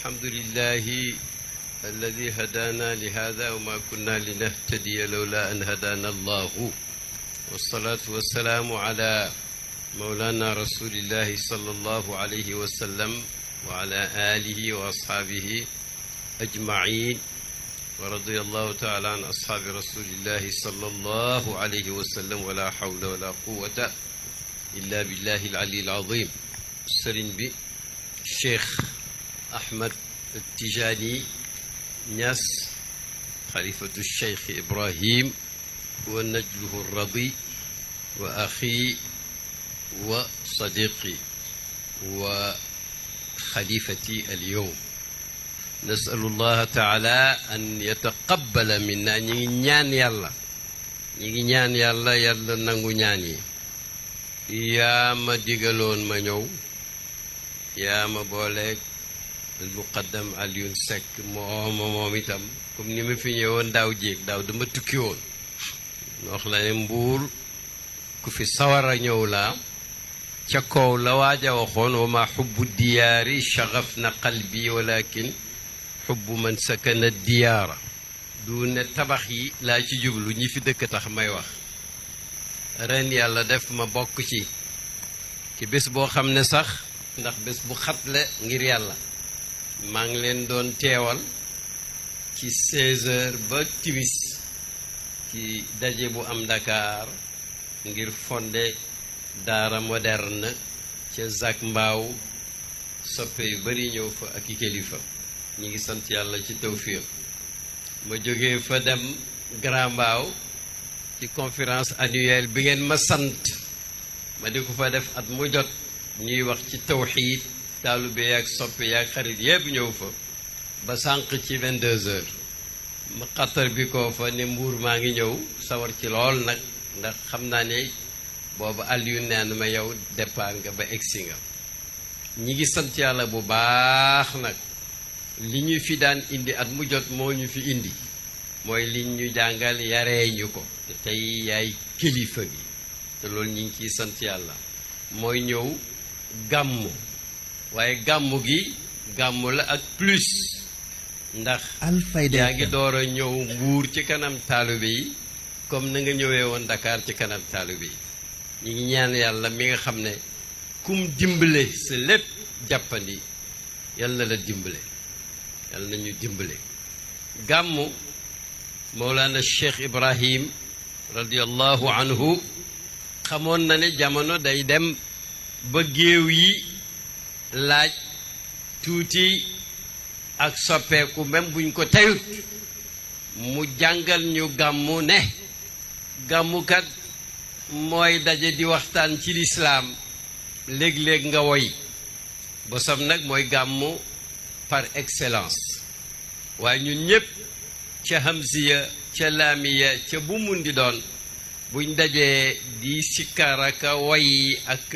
الحمد لله الذي هدانا لهذا وما كنا لنهتدي لولا أن هدانا الله والصلاة والسلام على مولانا رسول الله صلى الله عليه وسلم وعلى آله وأصحابه أجمعين ورضي الله تعالى عن أصحاب رسول الله صلى الله عليه وسلم ولا حول ولا قوة إلا بالله العلي العظيم السرين بي الشيخ Ahmed Tijaani Ñas xalifatu Cheikh Ibrahim wa najluhu radi wa axi wa sadiqi wa xalifati alyowm nasalu allaha taala an yataqabala minna ñi ngi ñaan yàlla ñi ngi ñaan yàlla yàlla nangu ñaan yi yaa ma digaloon ma ñëw yaa ma booleeg muqaddam Alioune Seck moom moom itam comme ni ma fi ñëwoon daaw jéeg daaw dama tukki woon ma wax la ne mbuur ku fi sawara ñëw laa ca kaw la waaja waxoon wa ma xubbu diyaari chaxaf na qalbi walakin xubbu man sakana diyaara du ne tabax yi laa ci jublu ñi fi dëkk tax may wax ren yàlla def ma bokk ci ci bés boo xam ne sax ndax bés bu xatle ngir yàlla maa ngi leen doon teewal ci 16h ba timis ci daje bu am ndakaar ngir fonde daara moderne ca Zac Mbao soppe yu bari ñëw fa ak kilifa ñi ngi sant yàlla ci tew tawfiq ma jógee fa dem Grand Mbao ci conférence annuelle bi ngeen ma sant ma di ko fa def at mu jot ñuy wax ci tawxiid taalube yaag soppe yaag xarit yépp ñëw fa ba sànq ci vingt-deux ma xàttar bi koo fa ne mbuur maa ngi ñëw sawar ci lool nag ndax xam naa ne booba àll yu neen ma yow départ nga ba egsi nga ñi ngi sant yàlla bu baax nag li ñu fi daan indi at mu jot moo ñu fi indi mooy li ñu jàngal yaree ñu ko te tey yaay kilifa gi te loolu ñi ngi ciy sant yàlla mooy ñëw gàmmu waaye gàmmu gi gàmmu la ak plus ndax yaa ngi door a ñëw mbuur ci kanam taalibe yi comme na nga ñëwee woon Dakar ci kanam taalibe yi ñu ngi ñaan yàlla mi nga xam ne kum dimbale sa lépp jàppandi yàlla la dimbale yàlla nañu dimbale gàmmu Mawlana Cheikh Ibrahim radiyallahu anhu xamoon na ne jamono day dem ba géew yi laaj tuuti ak soppeeku même buñ ko teyut mu jàngal ñu gàmmu ne gàmmukat mooy daje di waxtaan ci lislaam léeg-léeg nga woy bosam nag mooy gàmmu par excellence waaye ñun ñépp ca hamziya ca laamiya ca bu mun di doon buñ dajee di sikkar ak woy ak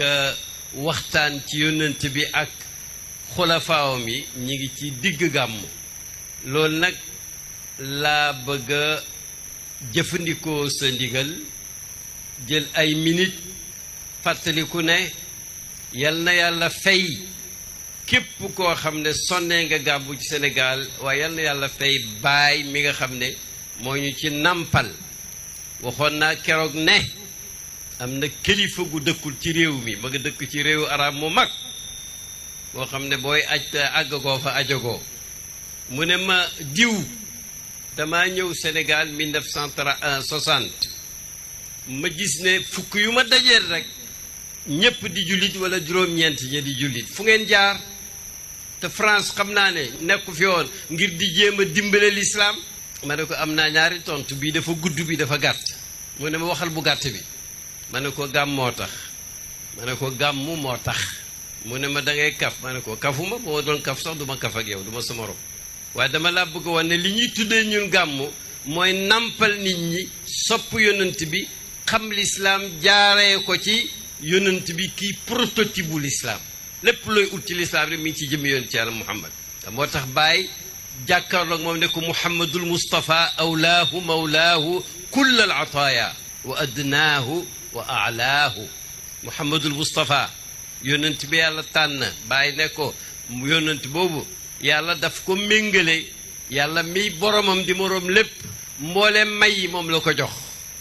waxtaan ci yónnent bi ak xulafaawam yi ñu ngi ci digg gàmm loolu nag laa bëgg a jëfandikoo sa ndigal jël ay minit fàttaliku ne yal na yàlla fay képp koo xam ne sonnee nga gàmmu ci Sénégal waaye yal na yàlla fay baay mi nga xam ne moo ñu ci nàmpal waxoon naa keroog ne am na kilifa gu dëkkul ci réew mi ma nga dëkk ci réewu arab mu mag boo xam ne booy aj te àggagoo fa ajagoo mu ne ma diw dama ñëw Sénégal 1960 ma gis ne fukk yu ma dajeel rek ñépp di jullit wala juróom-ñeent ña di jullit fu ngeen jaar te France xam naa ne nekku fi woon ngir di jéem a dimbale lislaam ma ne ko am naa ñaari tontu bii dafa gudd bi dafa gàtt mu ne ma waxal bu gàtt bi ma ko gàmm moo tax ma ne ko gàmm moo tax mu ne ma dangay ngay kaf ma ko kafuma boo doon kaf sax du ma kaf yow du ma samaro waaye dama laa bëgg wax ne li ñuy tuddee ñun gàmm mooy nampal nit ñi sopp yonent bi xam lislaam jaaree ko ci yonent bi kii prototype bu lislaam lépp looy ut ci lislaam rek mi ngi ci jëm yonent yàlla muhammad te moo tax bàyyi jàkkaarloog moom ne ko muhammadul mustafa awlaahu mawlaahu kull al ataaya wa adnaahu wa alaahu muhammadul mustafa yonent bi yàlla tànn bàyyi ne ko yonent boobu yàlla daf ko méngale yàlla miy boromam di moroom lépp mbooleem may yi moom la ko jox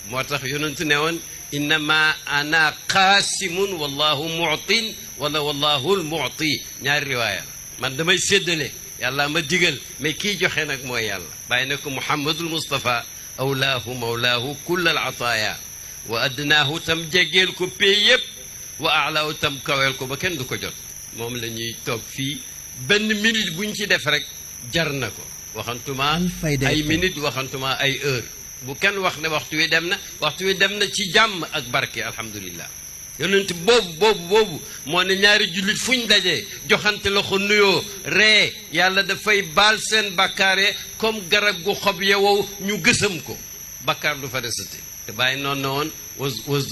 moo tax yonent ne woon innama ana qaasimun wallahu mutin wala wallahu lmuti ñaari riwaaya man damay séddale yàlla ma digal mais kii joxe nag mooy yàlla bàyyi ne ko muhammadul mustafa awlaahu mawlaahu kull al ataaya wa adnaahu tam jegeel ko pay yëpp wa alaahu tam kaweel ko ba kenn du ko jot moom la ñuy toog fii benn minute buñ ci def rek jar na ko waxantuma ay minit waxantuma ay heure bu kenn wax ne waxtu wi dem na waxtu wi dem na ci jàmm ak barke alhamdulillah yonent boobu boobu boobu moo ne ñaari jullit fu ñu dajee joxante loxo nuyoo ree yàlla dafay baal seen bàkkaare comme garab gu xob ya wow ñu gësam ko bàkkaar du fa desate te bàyyi noonu na woon was was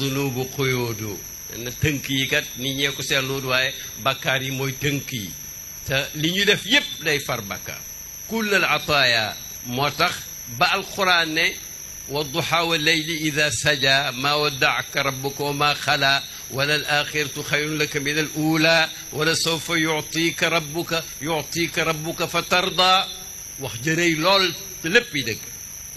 tënk yi kat ni ñee ko seetluwut waaye bakkaar yi mooy tënk yi li ñu def yépp day far bakkaar kullal ataaya moo tax ba alquran ne wa duha wa leyli ida saja maa waddaaka rabbuka wa maa xala wala al axiratu xayrun laka min al ula wala sawfa yutika rabbuka yutika fa tarda wax jërëy lool te lépp yi dëgg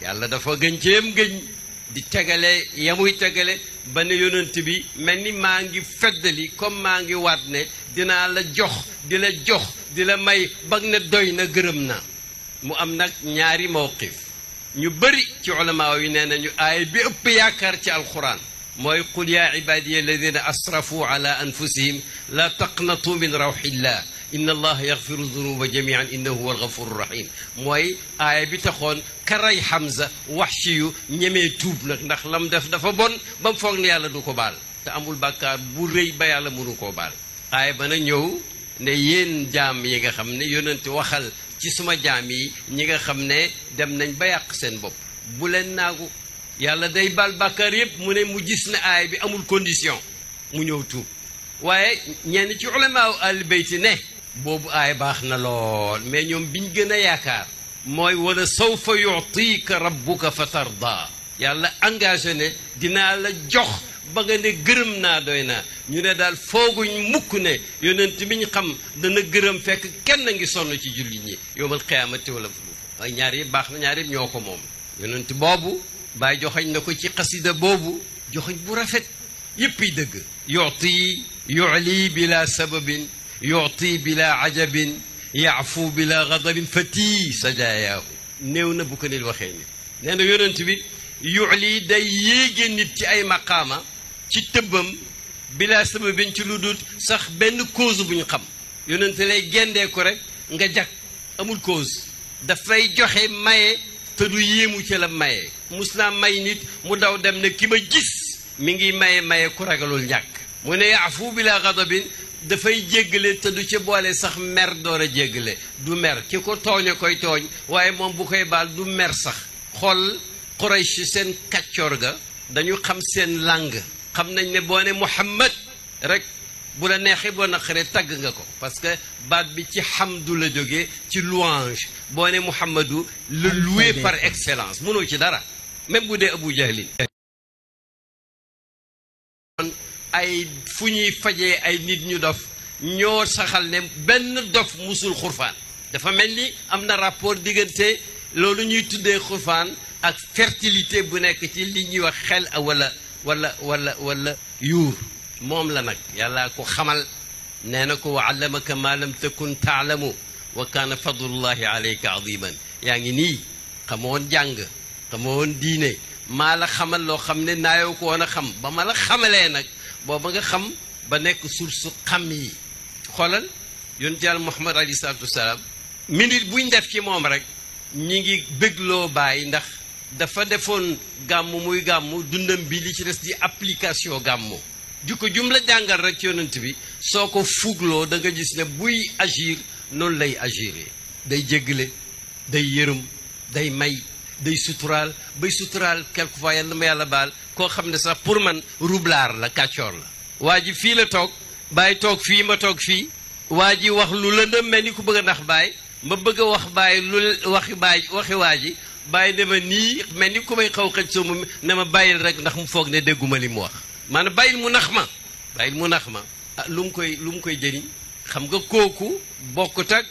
yàlla dafa gën ceem gëñ di tegale ya muy tegale ba ne bi mel ni maa ngi feddali comme maa ngi waat ne dinaa la jox di la jox di la may bag ne doy na gërëm na mu am nag ñaari mawqif ñu bëri ci ulamaa yi nee nañu ay bi ëpp yaakaar ci alquran mooy qul yaa ibadiya alladina asrafu ala anfusihim la taq taqnatu min rawxillah inna allah yaxfiru dunuba jamian innahu huwa alxafuru rahim mooy aaya bi taxoon karay Hamza Wahshi yu ñemee tuub nag ndax lam def dafa bon ba mu foog ne yàlla du ko baal te amul bàkkaar bu rëy ba yàlla mënu koo baal aaya ba na ñëw ne yéen jaam yi nga xam ne yonent waxal ci suma jaam yi ñi nga xam ne dem nañ ba yàq seen bopp bu leen naagu yàlla day baal bàkkaar yépp mu ne mu gis ne aaya bi amul condition mu ñëw tuub waaye ñenn ci ulamaaw al bayti ne boobu aay baax na lool mais ñoom biñ gën a yaakaar mooy wala sawfa yutika rabbuka fa tarda yàlla engage ne dinaa la jox ba nga ne gërëm naa doy na ñu ne daal fooguñ mukk ne yonent bi ñu xam dana gërëm fekk kenn ngi sonn ci jullit ñi yowmal xiyaamati wala ay ñaar yëpp baax na ñaar yëpp ñoo ko moom yonent boobu bàyyi joxañ na ko ci xasida boobu joxañ bu rafet yëpp yi dëgg yuti yuli bila sababin yuti bila ajabin yaafu bila gadabin fatii sajaayahu néew na bu ko nit waxee ni nee na yonent bi yulii day yéege nit ci ay maqaama ci tëbbam bila sababin ci lu dul sax benn cause bu ñu xam yonent lay gendee ko rek nga jag amul cause dafay joxe maye te du yéemu ci la maye mus naa may nit mu daw dem ne ki ma gis mi ngi maye maye ku ragalul ñàkk mu ne yaafu bila gadabin dafay jéggale te du ci boole sax mer door a jéggale du mer ki ko tooñ a koy tooñ waaye moom bu koy baal du mer sax xool Quraysh seen kàccoor ga dañu xam seen langue xam nañ ne boo ne Muhammad rek bu la neexee boo naqaree tagg nga ko parce que baat bi ci xam du la jóge ci louange boo ne Muhammadu le loué par excellence mënoo ci dara même bu dee Abu Jahlin ay fu ñuy fajee ay nit ñu dof ñoo saxal ne benn dof musul xurfaan dafa mel ni am na rapport diggante loolu ñuy tuddee xurfaan ak fertilité bu nekk ci li ñuy wax xel wala wala wala wala yuur moom la nag yàlla ko xamal nee na ko wa allamaka ma lam takun taalamu ngi maa la xamal loo xam ne naayoo ko woon a xam ba ma la xamalee nag booba nga xam ba nekk su xam yi xoolal yoon yàlla Muhammad alayhi salaatu wasalaam minute buñ def ci moom rek ñi ngi bégloo bàyyi ndax dafa defoon gàmm muy gàmm dundam bi li ci des di application gàmmoo ju ko jum la jàngal rek ci yonent bi soo ko fugloo danga gis ne buy agir noonu lay agiree day jéggale day yërëm day may day suturaal bay suturaal quelquefois yàlla ma yàlla baal koo xam ne sax pour man rublaar la kàccoor la waa ji fii la toog bàyyi toog fii ma toog fii waa ji wax lu lëndëm mel ni ku bëgg a ndax baay ma bëgg a wax baay lu waxi baay waxi waa ji bàyyi dama nii mel ni ku may xaw xëj soo mu ne ma bàyyil rek ndax mu foog ne dégguma li mu wax maanaam bàyyil mu nax ma bàyyil mu nax ma ah lu mu koy lu mu koy jëriñ xam nga kooku bokkut ak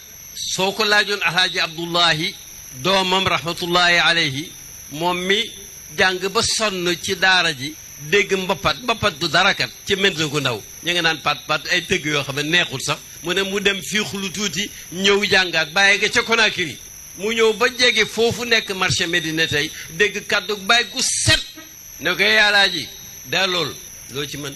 soo ko laajoon alhaaji abdullahi doomam rahmatullahi alayhi moom mi jàng ba sonn ci daara ji dégg mbappat mbappat du darakat ci mel na ku ndaw ñu ngi naan pat pat ay tëgg yoo xam ne neexul sax mu ne mu dem fiixu lu tuuti ñëw jàngaat bàyyi nga ca Conakry mu ñëw ba jege foofu nekk marché Médina tey dégg kàddu bàyyi gu set ne ko yàllaa eh, ji daa lool loo ci mën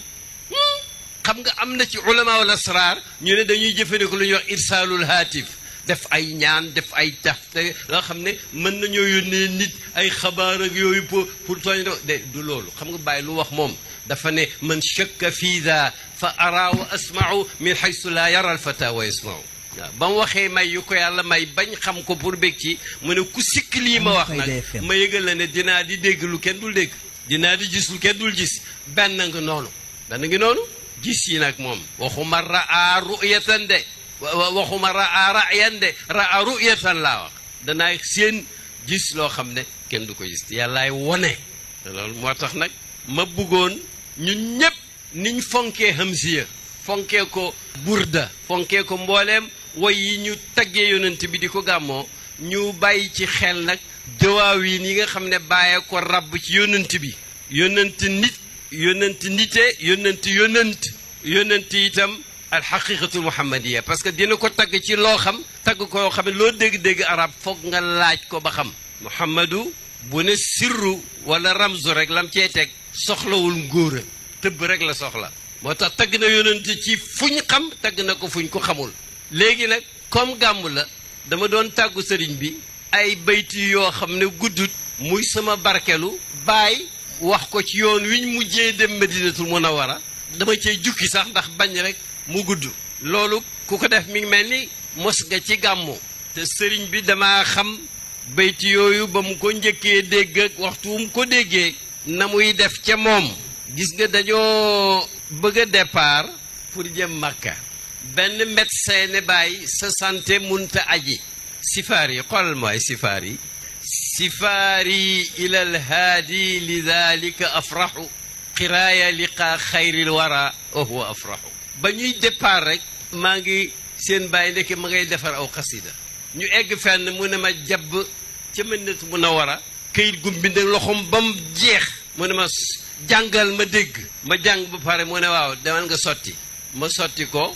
hmm? xam nga am na ci ulama wala saraar ñu ne dañuy jëfandikoo lu ñuy wax irsaalul haatif def ay ñaan def ay taxte loo xam ne mën nañoo yónnee nit ay xabaar ak yooyu pour pour tooñ de du loolu xam nga bàyyi lu wax moom dafa ne man shakka fii daa fa araa wa asmau min xaysu laa yara alfata wa yasmau waaw ba mu waxee may yu ko yàlla may bañ xam ko pour bég ci mu ne ku sikk lii ma wax nag ma yëgal la ne dinaa di dégg lu kenn dul dégg dinaa di gis lu kenn dul gis benn nga noonu benn ngi noonu gis yi nag moom waxuma raa ruyatan de waxuma raa rayan de raa ruyatan laa wax danaa seen gis loo xam ne kenn du ko gis yàllaay wone loolu moo tax nag ma bëggoon ñu ñépp niñ fonkee hamziya fonkee ko burda fonkee ko mbooleem woy yi ñu taggee yonent bi di ko gàmmoo ñu bàyyi ci xel nag dawaawiin yi nga xam ne bàyyee ko ràbb ci yonent bi yonent nit yonent nite yonent yonent yonent itam al xaqiqatul muhammadiya parce que dina ko tagg ci loo xam tagg koo xam ne loo dégg-dégg arab foog nga laaj ko ba xam muhammadu bu ne sirru wala ramzu rek lam cee teg soxlawul ngóora tëb rek la soxla moo tax tagg na yonent ci fuñ xam tagg na ko fuñ ko xamul léegi nag comme gàmmu la dama doon tàggu sëriñ bi ay bayti yoo xam ne guddut muy sama barkelu baay wax ko ci yoon wi ñu mujjee dem mën madinatul munawara dama cee jukki sax ndax bañ rek mu gudd loolu ku ko def mi mel ni mos nga ci gàmmu te sëriñ bi dama xam bayti yooyu ba mu ko njëkkee dégg ak waxtu mu ko déggee na muy def ca moom gis nga dañoo bëgg a départ pour jëm Makka benn médecin ne bàyyi sa sante munta aji sifaar yi xoolal mooy sifaar yi sifaari ila alhaadi lidalika afraxu qiraaya liqa xayril wara wa huwa afraxu ba ñuy départ rekk maa ngi seen bàyyi ndeke ma ngay defar aw xasida ñu egg fenn mu ne ma jabb ca Madinatu Munawwara këyit gum bind loxoom ba mu jeex mu ne ma jàngal ma dégg ma jàng bu pare mu ne waaw demal nga sotti ma sotti ko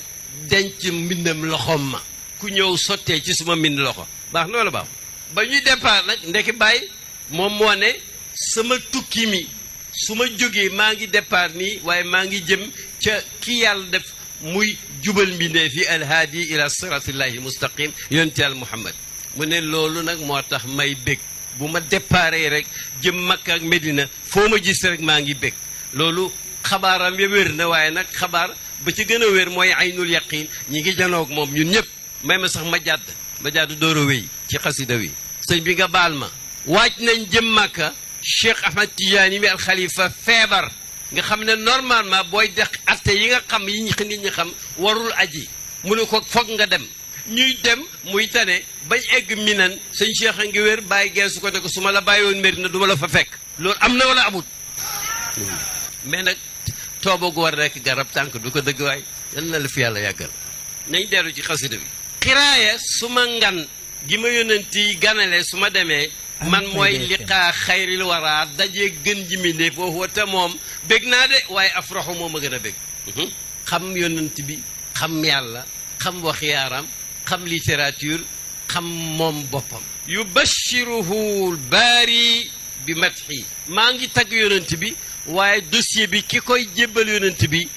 denc mbindam loxoom ma ku ñëw sottee ci suma mbind loxo baax loolu baax ba ñuy départ nag ndeki bàyyi moom moo ne sama tukki mi su ma jógee maa ngi départ nii waaye maa ngi jëm ca ki yàlla def muy jubal mbindeef yi alhaadi ila siratillahi mustaqim yonent yàlla muhammad mu ne loolu nag moo tax may bég bu ma déparé rek jëm Makka ak Medina foo ma gis rek maa ngi bég loolu xabaaram ya wér na waaye nag xabaar ba ca gën a wér mooy ay aynul yaqin ñi ngi janoog moom ñun ñëpp may ma sax ma jàdd ma jàdd door a wéy ci xasida wi sëñ bi nga baal ma waaj nañ jëm Makka Cheikh Ahmad Tidiane mi alxalifa feebar nga xam ne normalement booy dex atte yi nga xam yi nit ñi xam warul aji mu ne ko foog nga dem ñuy dem muy tane bañ egg minan sëñ Cheikh a ngi wér bàyyi geesu ko ne ko su la bàyyi woon mbir na du ma la fa fekk loolu am na wala amut mais nag toobo gu war rekk garab tànk du ko dëgg waay yal na la fi yàlla yàggal nañ dellu ci xasida bi xiraaya su ma ngan gi ma yónnanti ganale su ma demee man mooy liqaa xayril waraa daje gën ji mi moom bég naa de waaye af roxu moom a gën a bég mhm. xam yonent bi xam yàlla xam wax yaaram xam littérature xam moom boppam yubashiruhu baari bi matxi maa ngi tagg yonent bi waaye dosiye bi ki koy jébbal yonent bi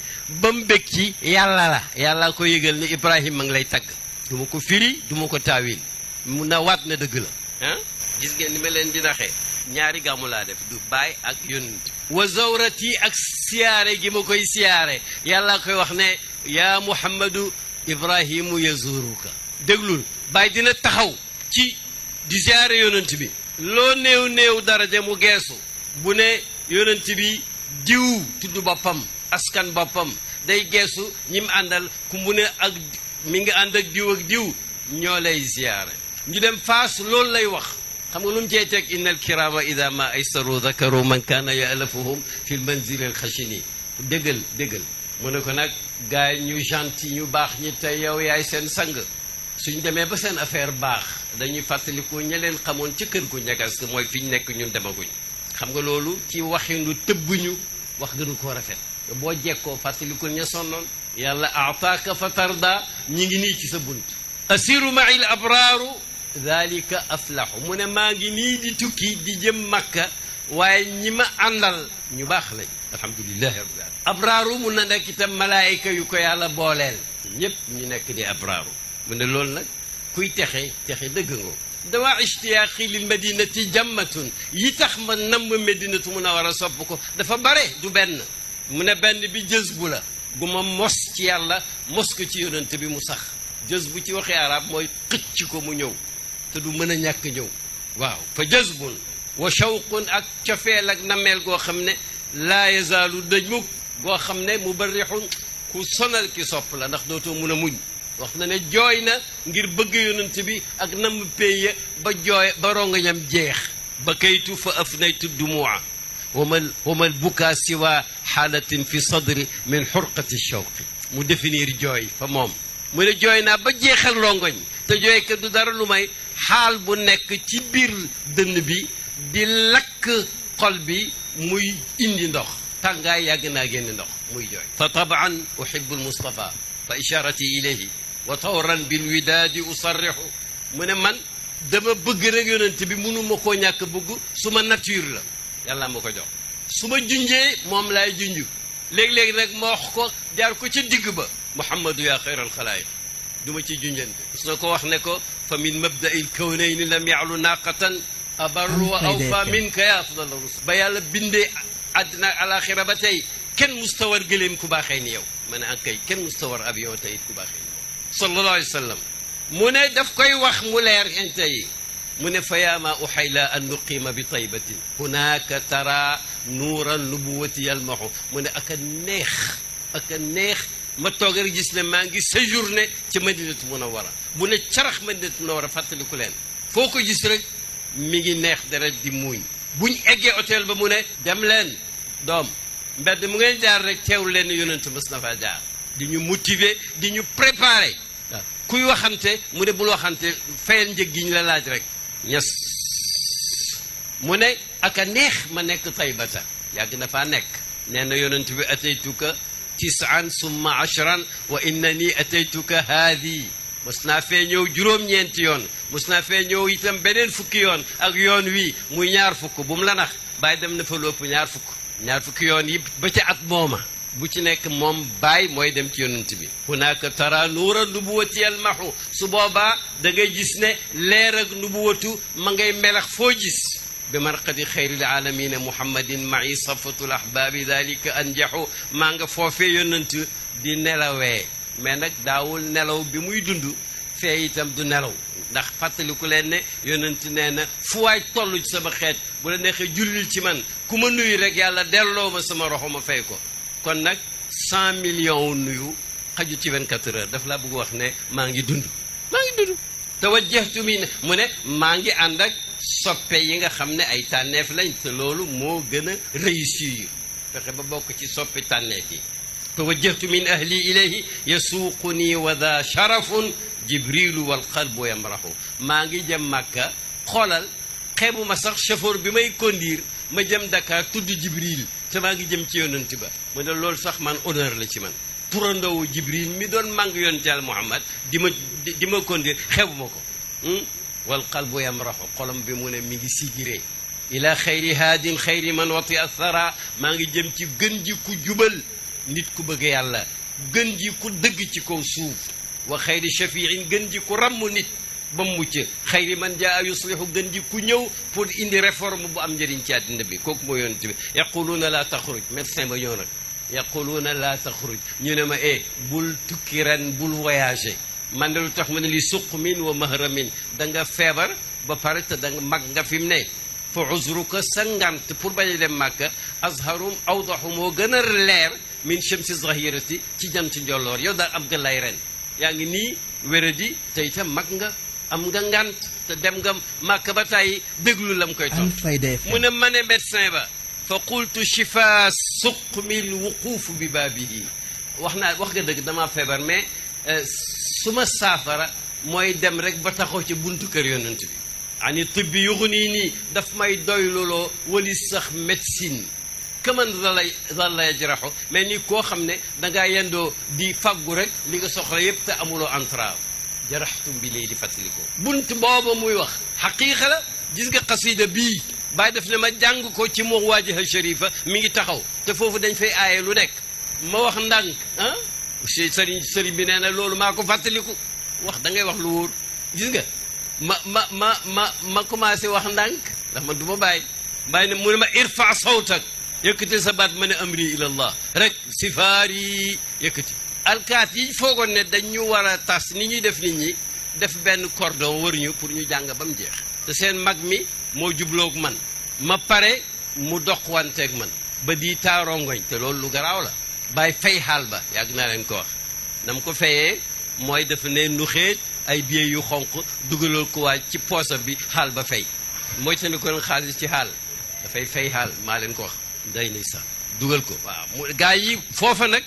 ba mu bég ci yàlla la yàlla ko yëgal ne Ibrahima ma ngi lay tagg duma ko firi duma ko taawil mu na waat na dëgg la gis ngeen ni ma leen di naxee ñaari gàmmu laa def du baay ak yonent wa zawrati ak siyaare gi ma koy siyaare yàlla koy wax ne yaa muhammadu ibrahimu yazuruka déglul baay dina taxaw ci di siyaare yonent bi loo néew néew daraja mu geesu bu ne yonent bi diw tudd boppam askan boppam day geesu ñi àndal ku ak mi ngi ànd ak diw ak diw ñoo lay siyaare ñu dem faas loolu lay wax xam nga lu mu cee teg innal kirama ida ma aysaru dakaru man kaana yaalafuhum fil manzilil xachini déggal déggal mu ne ko nag gars yi ñu gentil ñu baax ñi te yow yaay seen sang suñ demee ba seen affaire baax dañuy fàttaliku ña leen xamoon ca kër gu ñagas mooy fi ñu nekk ñun demaguñ xam nga loolu ci waxinu ñu wax gënu koo rafet boo jekkoo fàttaliku ña sonnoon yàlla ataaka fa tarda ñi ngi nii ci sa bunt asiru ma abraaru dhalika aflahu mu ne maa ngi nii di tukki di jëm makka waaye ñi ma àndal ñu baax lañ alhamdulilahi rabbil alamin abraaru mun na nekk itam malaayika yu ko yàlla booleel ñépp ñu nekk di abraaru mu ne loolu nag kuy texe texe dëgg ngoo dawaa ishtiyaaqi lil madinati jammatun yi tax ma namm madinatu mun a war a sopp ko dafa bare du benn mu ne benn bi jës bu la gu ma mos ci yàlla mos ko ci yonent bi mu sax jës bu ci waxee arab mooy xëcc ko mu ñëw te du mën a ñàkk ñëw waaw fa jazbun wa shawqun ak cofeel ak nameel goo xam ne laa yazaalu dëj mukk goo xam ne mubarrixun ku sonal ki sopp la ndax dootoo mun a muñ wax na ne jooy na ngir bëgg yonent bi ak namm péye ba jooy ba rongañam jeex ba kaytu fa afnaytu dumua wamal wamal bukaa siwa xaalatin fi sadri min xurqati shawqi mu définir jooy fa moom mu ne jooy naa ba jeexal rongoñ te jooy ka du dara lu may xaal bu nekk ci biir dënn bi di lakk xol bi muy indi ndox tàngaay yàgg naa génn ndox muy jooy fa taban uhibu lmustapha fa isharati ilayhi wa tawran bilwidaadi usarrixu mu ne man dama bëgg rek yonent bi mënuma koo ñàkk bëgg su ma nature la yàlla ma ko junjee moom laay junj léegi-léegi nag ma wax ko jaar ko ca digg ba muhammadu yaa xayra alxalaayik du ma ciy junjante parce que ko wax ne ko fa min mabda'i lkawnayni lam ya'lu naaqatan abarru wa awfa minka yaa afdal rusul ba yàlla bindee àddina ak alaxira ba tey kenn mustawar gëléem ku baaxee ni yow ma ne ak kay kenn mustawar avion tey ku baaxee ni yow sallallahu alayhi wa sallam mu ne daf koy wax mu leer inte yi mu ne fa yaa maa uxayla an nuqiima bi taybatin hunaaka tara nuuran nubuwati yalmaxu mu ne ak a neex ak a neex ma toog rek gis ne maa ngi ne ci madinatu munawara bu ne carax madinatu munawara fàttaliku leen foo ko gis rek mi ngi neex deret di muuñ buñ eggee hôtel ba mu ne dem leen doom mbedd mu ngeen jaar rek teewul leen yonent mës na faa jaar di ñu motiver di ñu préparer kuy waxante mu ne bul waxante fayal njëg gi la laaj rek ñes mu ne ak a neex ma nekk taybata yàgg na faa nekk nee na yonent bi ataytuka tisaan summa ashran wa innani ataytuka haadi mos naa fee ñëw juróom yoon mos naa fee ñëw itam beneen fukki yoon ak yoon wi muy ñaar fukk bu mu la nax dem na fa lu ëpp ñaar fukk fukki yoon yi ba ca at mooma bu ci nekk moom baay mooy dem ci yonent bi hunaaka tara nuura nubuwati yalmahu su boobaa da gis ne leer ak nubuwatu ma ngay melax foo gis bimarqadi xeyril aalamina muhammadin mai safatul ahbaabi dalika anjaxu maa nga foofee yonant di nelawee mais nag daawul nelaw bi muy dund fee itam du nelaw ndax fàttaliku leen ne yonent nee na fu waay toll ci sama xeet bu la neexee jullil ci man ku ma nuyu rek yàlla delloo ma sama roxo ma fay ko kon nag cent millions nuyu xaju ci 24 heures daf laa bëgg wax ne maa ngi dund maa ngi dund tawajjahtu mi mu ne maa ngi ànd ak soppe yi nga xam ne ay tànneef lañ te loolu moo gën a réussir fexe ba bokk ci soppi tànneef yi tawajjahtu min ahli ilayhi yasuuquni wa daa sharafun jibrilu wal qalbu yamrahu maa ngi jëm makka xoolal xeebuma sax chauffeur bi may conduire ma jëm Dakar tudd jibril te maa ngi jëm ci yonent ba mu ne loolu sax man honneur la ci man ndaw jibril mi doon màng yonent yàlla Muhammad di ma di ma conduire ko hmm? wal qalbu yamraxu xolom bi mu ne mi ngi sigiree ila xayri haadin xayri man wati a maa ngi jëm ci gën ji ku jubal nit ku bëgg yàlla gën ji ku dëgg ci kaw suuf wa xayri shafiin gën ji ku ram nit ba mucc xayri man jaa yuslihu gën ji ku ñëw pour indi réforme bu am njëriñ ci àddina bi kooku moo yonent bi yaquluuna la taxruj médecin ba ñoo nag yaquluuna la taxruj ñu ne ma e bul tukki bul voyager man de lu tax ma ne li suqmin wa mahramin da nga ba pare te da nga nga fi mu ne fa uzruka sa ngant pour bañ dem màkka azharum awdahu moo gën a leer min shamsi zahirati ci jant njolloor yow daal am nga lay ren yaa ngi nii wéradi te itam mag nga am ga ngant te dem nga màkk ba tàyyi déglu lam koy tontu mu ne ma ne fa qultu shifa suqmil wuquufu bi baabihi wax naa wax nga feebar mais euh, suma saafara mooy dem rek ba taxaw ci bunt kër yonent bi ani tibbi yuxu nii nii daf may doy looloo wali sax médecine këman zalay zalay jaraxu mais ni koo xam ne dangaa yendoo di faggu rek li nga soxla yépp te amuloo entrave jaraxtum bi léegi di fàttaliko bunt booba muy wax xaqiiqa la gis nga xasida bii bàyyi def ne ma jàng ko ci moo waajiha sharifa mi ngi taxaw te foofu dañ fay aaye lu nekk ma wax ndànk ah? si sëriñ sëriñ bi nee na loolu maa ko fàttaliku wax da ngay wax lu wóor gis nga ma ma ma ma ma commencé wax ndànk ndax du ma bàyyi bàyyi ne mu ne ma irfa sawtak yëkkati sa baat ma ne amri ilallah rek sifaar yi yëkkati alkaat yi foogoon ne dañ ñu war a tas ni ñuy def nit ñi def benn cordon wër ñu pour ñu jàng ba mu jeex te seen mag mi moo jublook man ma pare mu doq wanteeg man ba di taarongoñ te loolu lu garaaw la baay fay xaal ba yàgg naa leen ko wax nam ko fayee mooy dafa ne nu xeej ay billets yu xonq dugalal ko waa ci poosa bi xaal ba fay mooy te ne ko xaalis ci xaal dafay fay xaal maa leen ko wax day nay sax dugal ko waaw gaa yi foofa nag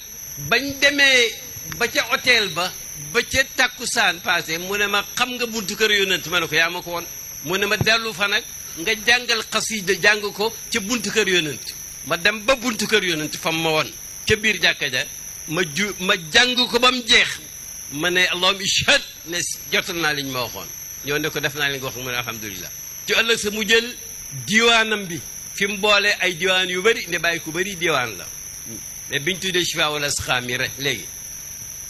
bañ demee ba ca hôtel ba ba ca takkusaan passé mu ne ma xam nga buntu kër yonent ma ne ko yaa ma ko woon mu ne ma dellu fa nag nga jàngal xasida jàng ko ca buntu kër yonent ma dem ba buntu kër yonent fam ma woon ca biir jàkka ja ma ju ma jàng ko ba mu jeex ma ne allahumma ishhad ne jotal naa liñ ma waxoon ñoo ne ko def naa li nga wax mu ne alhamdulilah ci ëllëg sa mu jël diwaanam bi fi mu boole ay diwaan yu bëri ne bàyyi ku bëri diwaan la mais biñ tuddee shifa rek léegi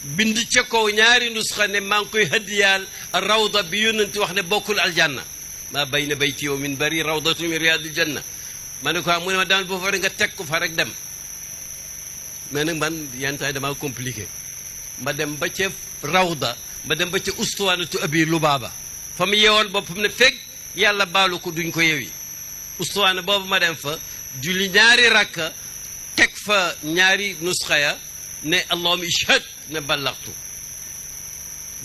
bind ca kaw ñaari nusxa ne maa ngi koy hadiyaal rawda bi yónnent wax ne bokkul aljanna maa bayna bayti wa minbari rawdatun min riyaadil janna ma ne ko ah, mu ne ma daal boo fa rek nga teg ko fa rek dem mais nag man yenn saa yi ma dem ba ca rawda ma dem ba ca ustuwaanatu lu lubaaba fa mu yeewoon boppam ne fekk yàlla baalu ko duñ ko yew yewi ustuwaana boobu ma dem fa julli ñaari rakka teg fa ñaari nusxa ya ne allahuma ishhad ne ballaxtu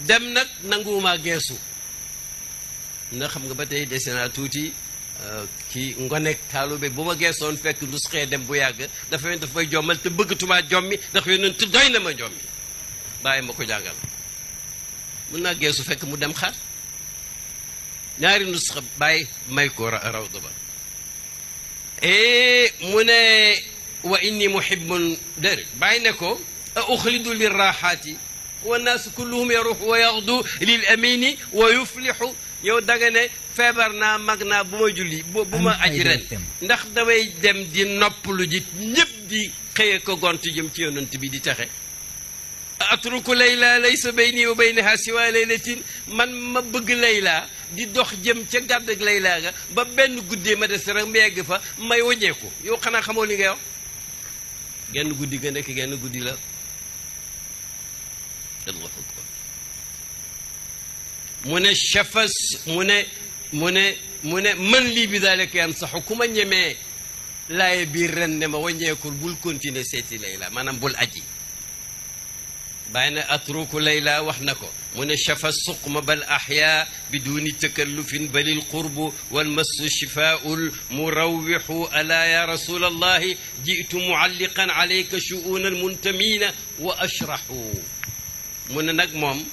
dem nag nanguwumaa geesu ndax xam nga ba tey dese tuuti ki ngoneeg taalube bu ma geesoon fekk ndusxee dem bu yàgg dafa yoon daf may jommal te bëggatumaa jommi ndax yonent doy na ma jommi bàyyi ma ko jàngal mun naa geesu fekk mu dem xaar ñaari ndusxa bàyyi may ko rawda ba eh, mu ne wa inni muhibbun dér bàyyi ne ko a uxlidu lirraxaati wa naasu kulluhum yaruxu wa yaxdu lil amini wa yuflixu yow da ne feebar naa mag naa bu ma julli bu ma aji ren ndax damay dem di noppalu ji ñëpp di xëyee ko gont jëm ci yonent bi di taxe atruku layla laysa bayni wa baynaha siwa laylatin man ma bëgg layla di dox jëm ca gàdd ak layla ga ba benn guddee ma des rek ma yegg fa may waññeeku yow xanaa xamoo li nga wax genn guddi ga nekk genn guddi la mu ne chafas mu ne mu ne mu ne man lii bi daalika yan saxu ku ma ñemee laaye biir ren ne ma waññeekul bul continuer seeti Layla maanaam bul aji bàyyi na atruku Layla wax na ko mu ne chafa suqma bal ahya biduni takallufin balil qurbu wal massu shifaul murawixu ala ya rasul allahi jitu mualliqan alayka shu'una almuntamina wa ashrahu mu ne nag moom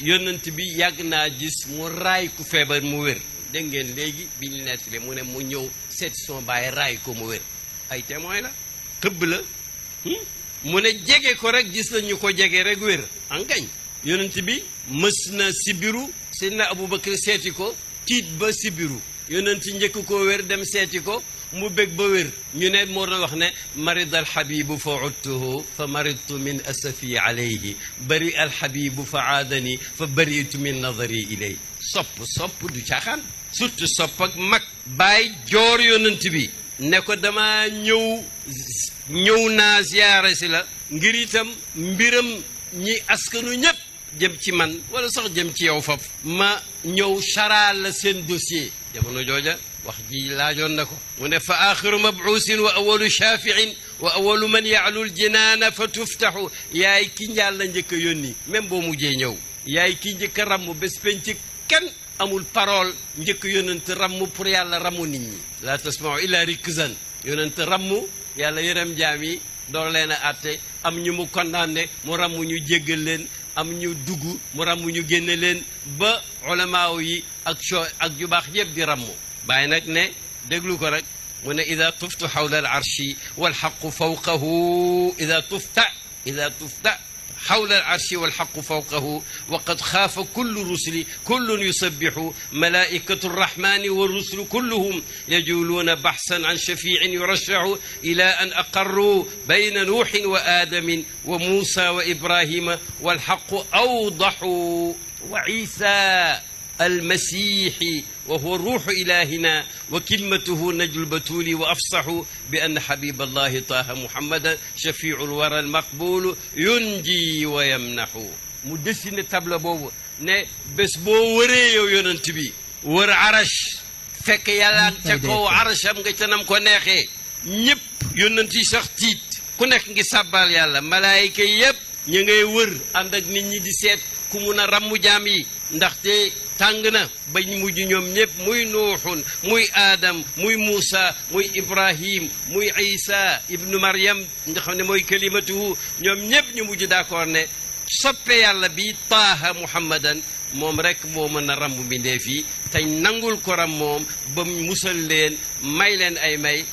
yónnant bi yàgg naa gis mu raay ku feebar mu wér dégg ngeen léegi bi ñu nettali mu ne mu ñëw seet son baay raay ko mu wér ay témoin la tëbb la hmm? mu ne jege ko rek gis nañu ko jege rek wér angañ yónnant bi mës na sibiru seen na Abubakar seeti ko tiit ba sibiru yonent ci njëkk koo dem seeti ko mu bég ba wér ñu ne moo wax ne marid alxabibu fa udtuhu fa maridtu min asafi alayhi bari alxabibu fa aadani fa baritu min nadari ilay sopp sopp du caaxaan surtout sopp ak mag bàyyi joor yonent bi ne ko dama ñëw ñëw naa ziyaara si ngir itam mbiram ñi askanu ñépp jëm ci man wala sax jëm ci yow faf ma ñëw charaal la seen dossier jamono jooja wax ji laajoon na ko mu ne fa axiru mabuusin wa awalu shaafiin wa awalu man yaalul jinaana fa tuftaxu yaay ki njaal la njëkk a yónni même boo mujjee ñëw yaay ki njëkk a ramm bés ken kenn amul parole njëkk yónent ramm pour yàlla rammu nit ñi laa tasmau illa rikzan yónent ramm yàlla yërëm jaam yi door leen a am ñu mu condamné mu ramm ñu jéggal leen am ñu dugg mu ràmm ñu génne leen ba ulamaaw yi ak soo ak ju baax yëpp di ràmm bàyyi nag ne déglu ko rek mu ne ida tuftu xawla al arshi walxaqu fawqahu ida tufta ida tufta حول العرش والحق فوقه وقد خاف كل رسل كل يسبح ملائكة الرحمن والرسل كلهم يجولون بحثا عن شفيع يرشع إلى أن أقروا بين نوح وآدم وموسى وإبراهيم والحق أوضح وعيسى المسيح وهو روح إلهنا وكلمته نجل البتول وأفصح بأن حبيب الله طه محمدا شفيع الورى المقبول ينجي ويمنح mu dessiné table boobu ne bés boo wëree yow yonent bi wër arash fekk yàlla ca kaw arasham nga ca nam ko neexee ñëpp yonent yi sax tiit ku nekk ngi sabal yàlla malaayika yëpp ñu ngay wër ànd ak nit ñi di seet ku mun a ràmmu jaam yi ndaxte tàng na bañ mujj ñoom ñëpp muy nuuxun muy aadam muy muusa muy ibrahim muy isa ibnu maryam nga xam ne mooy kalimatuhu ñoom ñëpp ñu mujj d'accord ne soppe yàlla bi taaha muhammadan moom rek moo mën a ramb mbindeef yi teñ nangul ko ram moom ba musal leen may leen ay may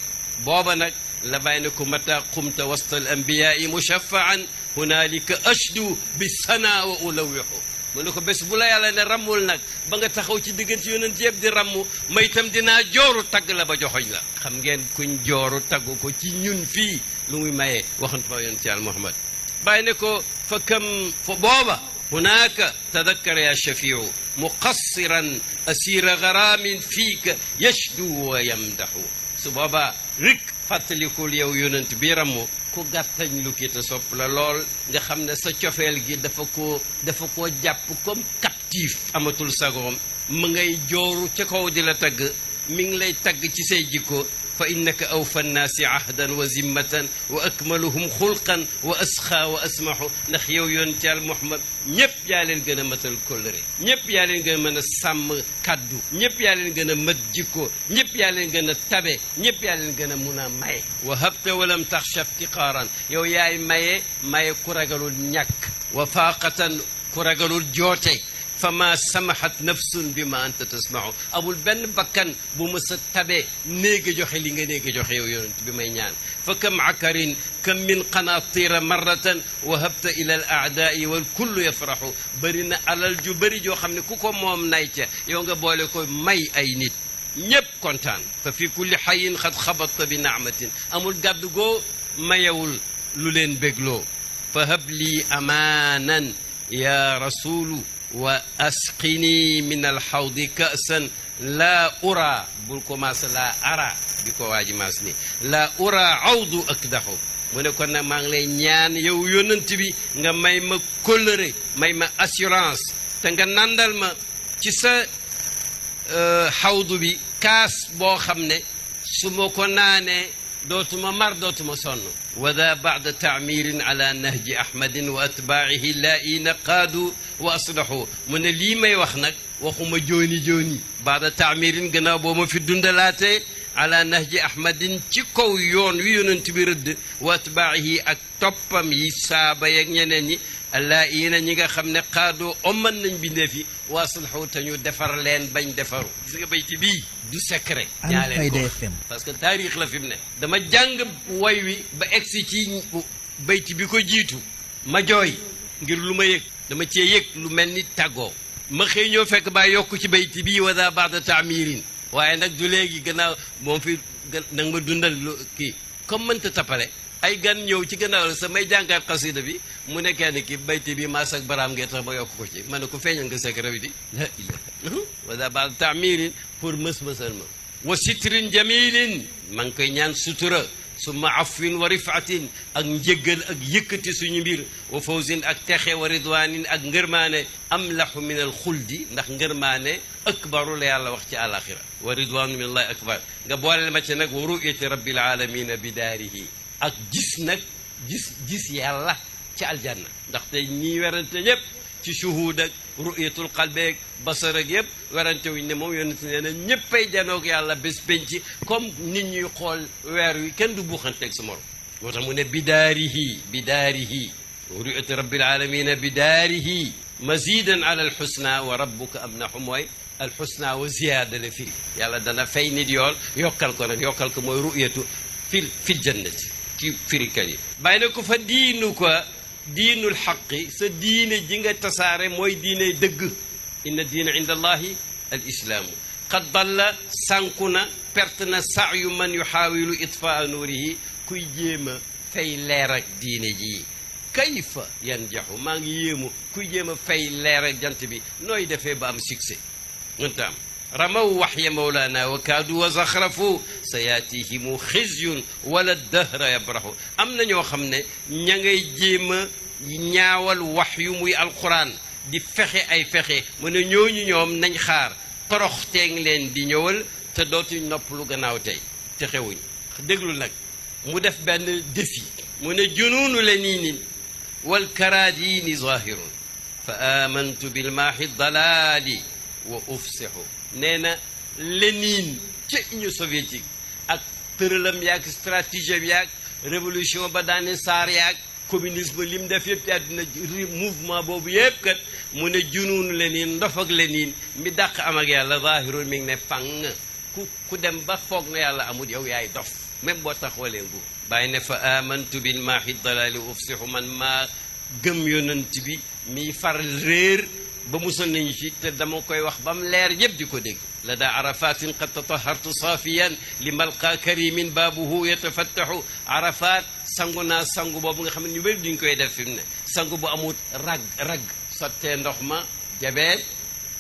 booba nag la bàyyi ne ko mata qumta wasta al anbiyaai mushafaan hunalika ashdu bi sana wa ulawixu mu ne ko bés bu la yàlla ne rammul nag ba nga taxaw ci diggante yonent yëpp di ram ramm ma itam dinaa jooru tagg la ba joxoñ la xam ngeen kuñ jooru taggu ko ci ñun fii lu muy mayee waxantu fa yonent yàlla Muhammad bàyyi ne ko fa kam fa booba hunaaka tadakkara ya shafiu muqassiran asiira garaamin fiika yashdu wa yamdahu su boobaa rek fàttalikul yow yonent bi ramu ku gàttañ lu ki sopp la lool nga xam ne sa cofeel gi dafa ko dafa ko jàpp comme captif amatul sagoom mu ngay jooru ca kaw di la tagg mi ngi lay tagg ci say jikko fa innaka awfa nnaasi ahdan wa zimmatan wa akmaluhum xulqan wa asxaa wa asmahu ndax yow yoon caal Muhammad ñépp yaa leen gën a matal kóllëre ñépp yaa leen gën a mën a sàmm kàddu ñépp yaa leen gën a mët jikko ñépp yaa leen gën a tabe ñépp yaa leen gën a mun a maye wa habta walam taxsha iftiqaaran yow yaay maye maye ku ragalul ñàkk wa faaqatan ku ragalul joote fa ma samahat nafsun bi ma anta tasmahu amul benn bakkan bu ma sa tabee néega joxe li nga néega joxe yow yonent bi may ñaan fa kam akarin kam min qanatira marratan wahabta ila al aadai wal kullu yafrahu bëri na alal ju bëri joo xam ne ku ko moom nay ca yow nga boole ko may ay nit ñépp kontaan fa fi kulli xayin xad xabatta bi naamatin amul gàddu goo mayewul lu leen bégloo fa hab lii amaanan ya rasulu wa asqini min alxawdi kasan la ura bul commencé la ara bi ko waa ji maas ni ak daxu mu ne kon nag maa ngi lay ñaan yow yónnant bi nga may ma kóllëre may ma assurance te nga nandal ma ci sa xawdu euh, bi kaas boo xam ne su ma ko naanee dootuma mar dootuma sonn wada bada taamirin ala nahji ahmadin wa atbaihi la ina qaadu wa aslahu mu ne lii may wax nag waxuma jooni jooni bada taamirin gannaaw boo ma fi dundalaatee ala nahji ahmadin ci kaw yoon wi yonent bi rëdd wa atbaahi ak toppam yi saaba yeeg ñeneen ñi allaa ina ñi nga xam ne xaadoo omman nañ bindeef yi waasalxaw te ñu defar leen bañ defaru gis nga bayti bii du secret ñaa leen ko parce que la fi mu ne dama jàng way wi ba egsi ci bayti bi ko jiitu ma jooy ngir lu ma dama cee yëg lu mel ni tàggoo ma xëy ñoo fekk baa yokk ci bayti bii wada baada taamirin waaye nag du léegi gannaaw moom fi nag ma dundal lu kii comme mënta tappale ay gan ñëw ci gannaaw samay jàngaat xasida bi mu ne kenn kii bayti bi maa ak baraam ngee tax ma yokk ko ci ma ne ko feeñal nga sekk rawi di la ilaha wala baal taamirin pour mës mësal ma wa sitrin jamilin ma ngi koy ñaan sutura summa afwin wa rifatin ak njëggal ak yëkkati suñu mbir wa fawzin ak texe wa ridwanin ak ngërmaane amlahu min al xuldi ndax ngërmaane akbaru la yàlla wax ci àlaxira wa ridwanu min allahi akbar nga booleel ma ci nag wa ruyati rabbil alamina bi daarihi ak gis nag gis gis yàlla ci aljanna ndax tey ñii werante ñépp ci shuhud ak ru'yatul qalbeeg basar ak yëpp werante wuñ ne moom yonent nee na ñëppay janoog yàlla bés penc comme nit ñuy xool weer wi kenn du buuxanteeg sa morom moo tax mu ne bidaarihi bidaarihi ru'yatu rabbil alamina bidaarihi mazidan ala alxusna wa rabbuka abnahu mooy alxusna wa ziyaada la fii yàlla dana fay nit yool yokkal ko nag yokkal ko mooy ru'yatu fil fil jannati ci firikat yi bàyyi na ko fa diinu ko diinul xaqi sa diine ji nga tasaare mooy diine dëgg inna diina inda allahi al islaamu xad dalla sànku na perte na saayu man yuxaawilu itfaa nuurihi kuy jéem a fay leer ak diine ji kayfa yanjaxu maa ngi yéemu kuy jéem a fay leer ak jant bi nooy defee ba am succès mënta am رموا وحي مولانا وكادوا وزخرفوا سياتيهم خزي ولا الدهر يبره am na ñoo xam ne ña ngay jéem a ñaawal wax yu muy alquran di fexe ay fexe mu ne ñoo ñoom nañ xaar torox teeng leen di ñëwal te dootuñ nopp lu gannaaw tey te xewuñ déglu nag mu def benn défi mu ne junuunu la nii nin walkaraadini fa amantu bilmaahi dalaali wa ufsihu nee na Lénine ca Union soviétique ak tëralam yaag stratégie yaag révolution ba daane saar yaag communisme li mu def yëpp ci àddina mouvement boobu yëpp kat mu ne junuunu Lénine ndof ak Lénine mi dàq am ak yàlla zaahiru mi ngi ne fang ku ku dem ba foog na yàlla amul yow yay dof même boo taxawalee nguur bàyyi ne fa amantu bil maahi dalali ufsihu man maa gëm yonent bi miy far réer ba musal nañu ci te dama koy wax ba mu leer ñëpp di ko dégg la daa arafatin qad tatahartu saafiyan li malqa karimin baabuhu yatafattahu arafat sangu naa sangu boobu nga xam ne ñu bëri duñ koy def fi ne sangu bu amul rag rag sottee ndox ma jabeet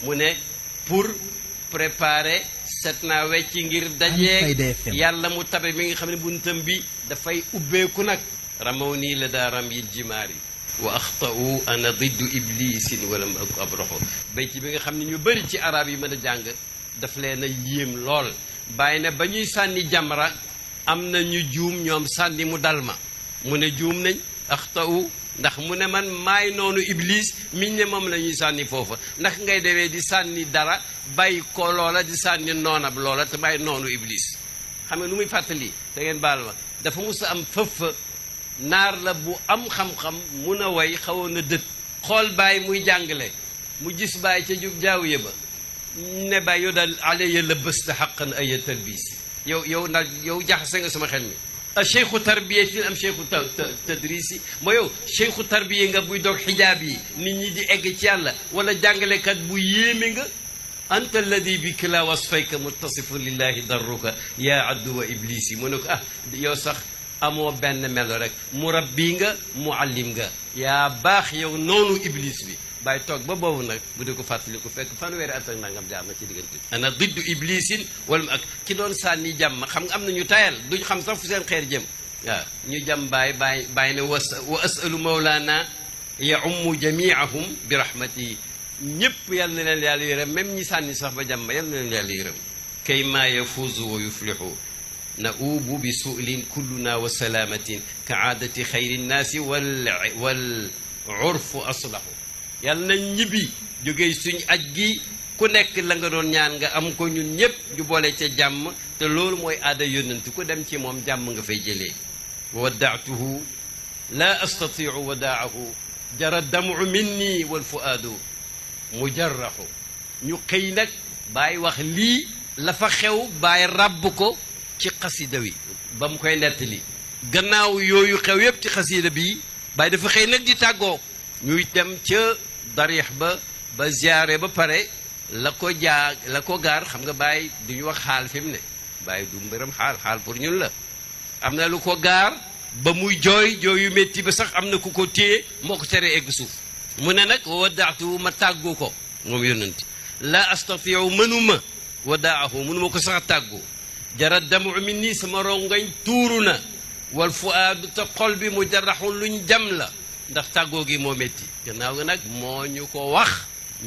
mu ne pour préparer set naa wecc ngir dajee yàlla mu tabe mi ngi xam ne buntam bi dafay ubbeeku nag ramaw nii ram yi jimaar yi wa axtau ana diddu iblisin wala mu ak ab roxo bay ci bi nga xam ne ñu bari ci arab yi mën a jàng daf leen a yéem lool bàyyi ne ba ñuy sànni jamra am na ñu juum ñoom sànni mu dal ma mu ne juum nañ axtau ndax mu ne man maay noonu iblis miñ ne moom la sànni foofa ndax ngay demee di sànni dara bàyyi ko loola di sànni noonab loola te maay noonu iblis xam nga muy fàttali te ngeen baal ma dafa mus a am fëf naar la bu am xam-xam mun a way xawoon a dët xool baay muy jàngale mu gis baay ca jub jaawiya ba ne baay yow daal alaya la bësta xaqan aya talbis yow yow nag yow jaxase nga sama xel mi a cheikhu tarbiya fi am cheikhu tadris yi moo yow cheikhu tarbiya nit ñi di egg ci yàlla wala jàngalekat bu yéeme nga anta alladi bi kilaa wasfayka muttasifun lillahi darruka yaa addu wa iblis yi mu ne ko ah yow sax amoo benn melo rek murabbi nga muallim nga yaa baax yow noonu iblis bi bàyyi toog ba boobu nag bu di ko fàttali ku fekk fanweeri at ak nangam jaar na ci diggante ana diddu iblisin wala mu ak ki doon sànni jàmm xam am na ñu tayal duñ xam sax fu seen xeer jëm ñu jàmm bàyyi bàyyi bàyyi ne was wa asalu mawlaana ya ummu jamiahum bi rahmatihi ñëpp yal na leen yàlla yërëm même ñi sànni sax ba jàmm yal na leen yàlla yërëm kay maa yafuuzu wa yuflihu nauubu bi suulin kulluna wa salaamatin ka aadati xayri nnaasi wal wal urfu aslahu yàlla nañ ñibbi jógee suñ aj gi ku nekk la nga doon ñaan nga am ko ñun ñépp ñu boole ca jàmm te loolu mooy aada yónnant ku dem ci moom jàmm nga fay jëlee wadaatuhu laa astatiu wadaahu jara damu minni wal fuaadu mujarraxu ñu xëy nag bàyyi wax lii la fa xew bàyyi ràbb ko ci xasida wi ba mu koy nettali gannaaw yooyu xew yépp ci xasida bi bàyyi dafa xëy nag di tàggoo ñuy dem ca darix ba ba ziare ba pare la ko jaa la ko gaar xam nga bàyyi duñu wax xaal fim ne bàyyi du mbërëm xaal xaal pour ñun la am na lu ko gaar ba muy jooy jooy yu métti ba sax am na ku ko téye moo ko tere egg suuf mu ne nag wadaatu ma tàggu ko moom yónnanti la astatiu mënuma wadaahu mënuma ko sax a tàggu jara damu min nii sama rongañ tuuru na wal fuaadu te xol bi mu jaraxul luñ jam la ndax tàggoo gi moo métti gannaaw gi nag moo ñu ko wax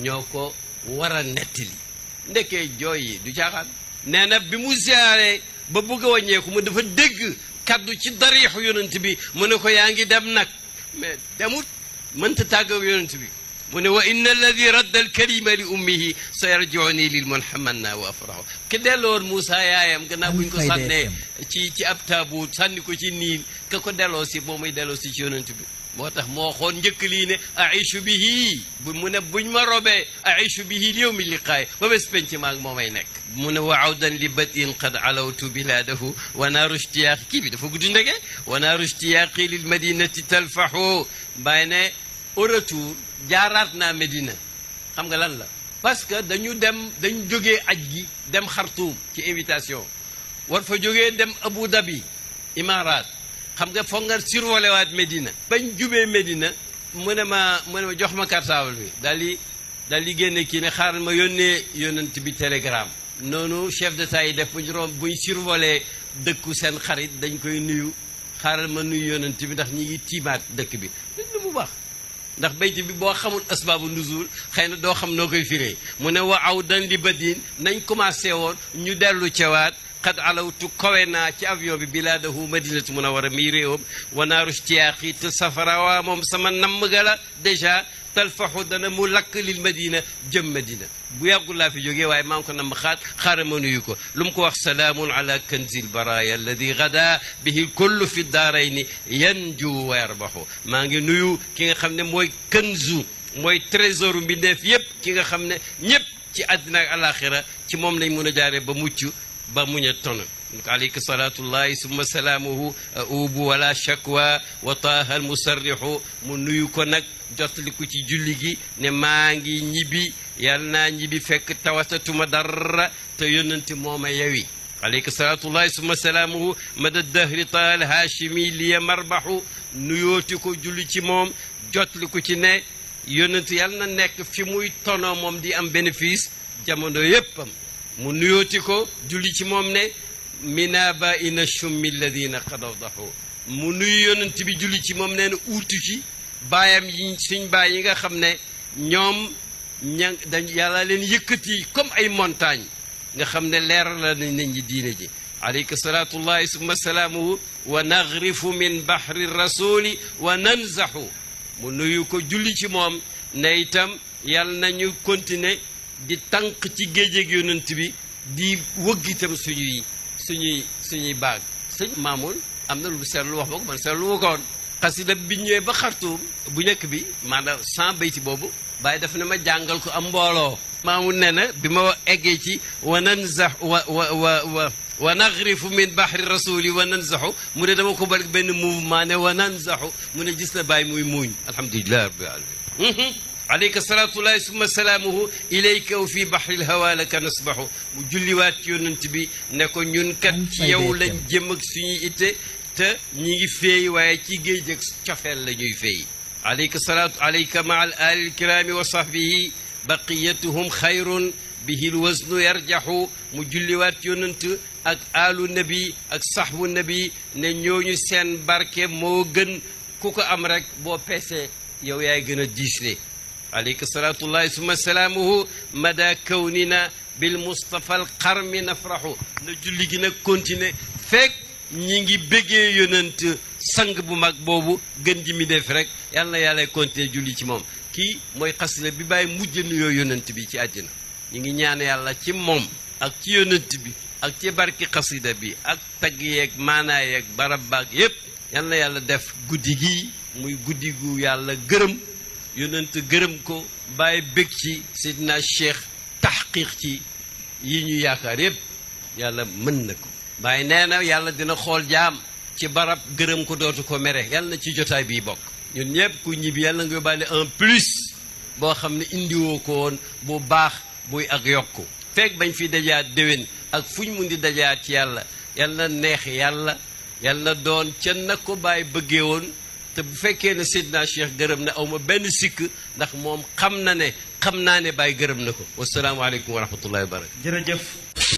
ñoo ko wara a ndeke ndekkee jooy yi du caaxaan nee na bi mu siyaaree ba bëgg a wàññeeku mu dafa dégg kaddu ci dariixu yonent bi mu ne ko yaa ngi dem nag mais demut mënta tàggoog yonent bi mu ne wa inna alladi radda alkalima li ummihi sa yarjiuni lil man hamanna wa afrahu ke delloon Moussa yaayam gannaaw buñ ko sànnee ci ci ab taabu sànni ko ci niil ka ko delloo si boo muy delloo si ci yonent bi moo tax moo xoon njëkk lii ne aichu bihi bu mu ne buñ ma robee aichu bihi li yowmi liqaay ba bés penc maa ngi moo may nekk mu ne wa awdan li batin qad alawtu bilaadahu wa naaru ishtiyaaqi kii bi dafa guddi ndege wa naaru ishtiyaaqi lil madinati talfahu bàyyi ne au retour jaaraat naa Medina xam nga lan la parce que dañu dem dañ jóge aj gi dem Khartoum ci invitation war fa jógee dem Abu Dhabi Imaaraat xam nga foog nga survolé waat Medina bañ jubee Medina mu ne ma mu ne ma jox ma cartable bi daal di daal di génne kii ne xaaral ma yónnee yónnant bi télégramme noonu chef de d'état yi def bu ñu romb buñ survolé dëkku seen xarit dañ koy nuyu xaaral ma nuyu yónnant bi ndax ñi ngi tiimaat dëkk bi lu mu baax ndax bayti bi boo xamul asbaabu nuzul xëy na doo xam noo koy firee mu ne wa aw dan li badin nañ commencé woon ñu dellu cewaat xad alawtu kawe naa ci avion bi bilaadahu madinatu munawara mi réewam wanaaru stiyaaqi te safara waa moom sama namm ga la dèjà talfaxu dana mu lakk lil madina jëm madina bu yàggul laa fi jógee waaye maa ngi ko nam xaat xaaral ma nuyu ko lu mu ko wax salaamun ala kanzil baraya alladi gada bihi kullu fi daarayni yanju wa yarbaxu maa ngi nuyu ki nga xam ne mooy kanzu mooy trésor mbindeef yépp ki nga xam ne ñépp ci àddina ak alaxira ci moom lañ mun a jaaree ba mucc ba muñ a ton alayka salaatullahi summa salaamuhu aubu wala shakwa wa taaha al mu nuyu ko nag jotliku ci julli gi ne maa ngi ñibbi yal naa ñibbi fekk tawasatuma dara te yónnante mooma yewi alayka salaatullahi summa salaamuhu mada dahri taal haashimi liya marbahu nuyooti ko julli ci moom jotliku ci ne yónnante yal na nekk fi muy tono moom di am bénéfice jamono yéppam mu nuyooti ko julli ci moom ne min abaina shummi alladina qad awdahu mu nuyu yonent bi julli ci moom nee na uutu ci baayam yi suñ baay yi nga xam ne ñoom ña dañ yàlla leen yëkkati comme ay montagne nga xam ne leeral la na nañ nañ ñi diine ji alayka salaatullahi summa salaamuhu wa nagrifu min bahri rasuli wa nanzahu mu nuyu ko julli ci moom ne itam yàlla nañu continuer di tànq ci géejeeg yonent bi di wëgg itam suñu suñuy suñuy baag sëñ Maamoun am na lu seetlu wax ba ko man seetlu wu ko woon xasida bi ñëwee ba xartuum bu njëkk bi maanaam sans bayti boobu bàyyi daf ne ma jàngal ko am mbooloo Maamoun nee na bi ma eggee ci wa nanzax wa wa wa wa wa naxrifu min bahri rasuli wa nanzaxu mu ne dama ko bal benn mouvement ne wa nanzaxu mu ne gis na bàyyi muy muuñ alhamdulilah rabbil alamin mhm. aleyka salaatullahi summa salaamuhu ilayka aw fii baxril hawa laka nasbaxu mu julliwaat ci yonent bi ne ko ñun kat ci yow lañ jëm ak suñuy itte te ñi ngi féey waaye ci géej ak cofeel la ñuy féey aleyka salaatu aleyka maa al ali alkiraami wa sahbihi baqiyatuhum xayrun bihi lwasnu yarjaxu mu julliwaat yonent ak alu nabi ak saxbu nabi ne ñooñu seen barke moo gën ku ko am rek boo peesee yow yaay gën a diisle mada عليك nii الله bil سلامه مدى كوننا بالمصطفى القرم نفرح نجلي جنا كونتيني فك ñi ngi bëggee yonent sang bu mag boobu gën ji mi def rek yàlla na yàlla continuer julli ci moom kii mooy xasida bi bàyyi mujj nuyoo yonent bi ci àddina ñu ngi ñaan yàlla ci moom ak ci yonent bi ak ci barki xasida bi ak tagg yeeg maanaa yeeg barab baag yépp yal na yàlla def guddi gi muy guddi gu yàlla gërëm yonent gërëm ko bàyyi bëgg ci sidna cheikh taxqiq ci yi ñu yaakaar yépp yàlla mën na ko bàyyi nee na yàlla dina xool jaam ci barab gërëm ko dootu ko mere yàlla na ci jotaay bi bokk ñun ñëpp ku ñibbi yàlla nga yóbbaale en plus boo xam ne indiwoo ko woon bu baax buy ak yokku fekk bañ fi dajaat déwén ak fuñ mun di dajaat ci yàlla yàlla na neex yàlla yàlla na doon ca na ko bàyyi bëggee woon te bu fekkee ne Seydina Cheikh gërëm na aw ma benn sikk ndax moom xam na ne xam naa ne Baye gërëm na ko wasalaamualeykum wa rahmatullahi wa barakatu jërëjëf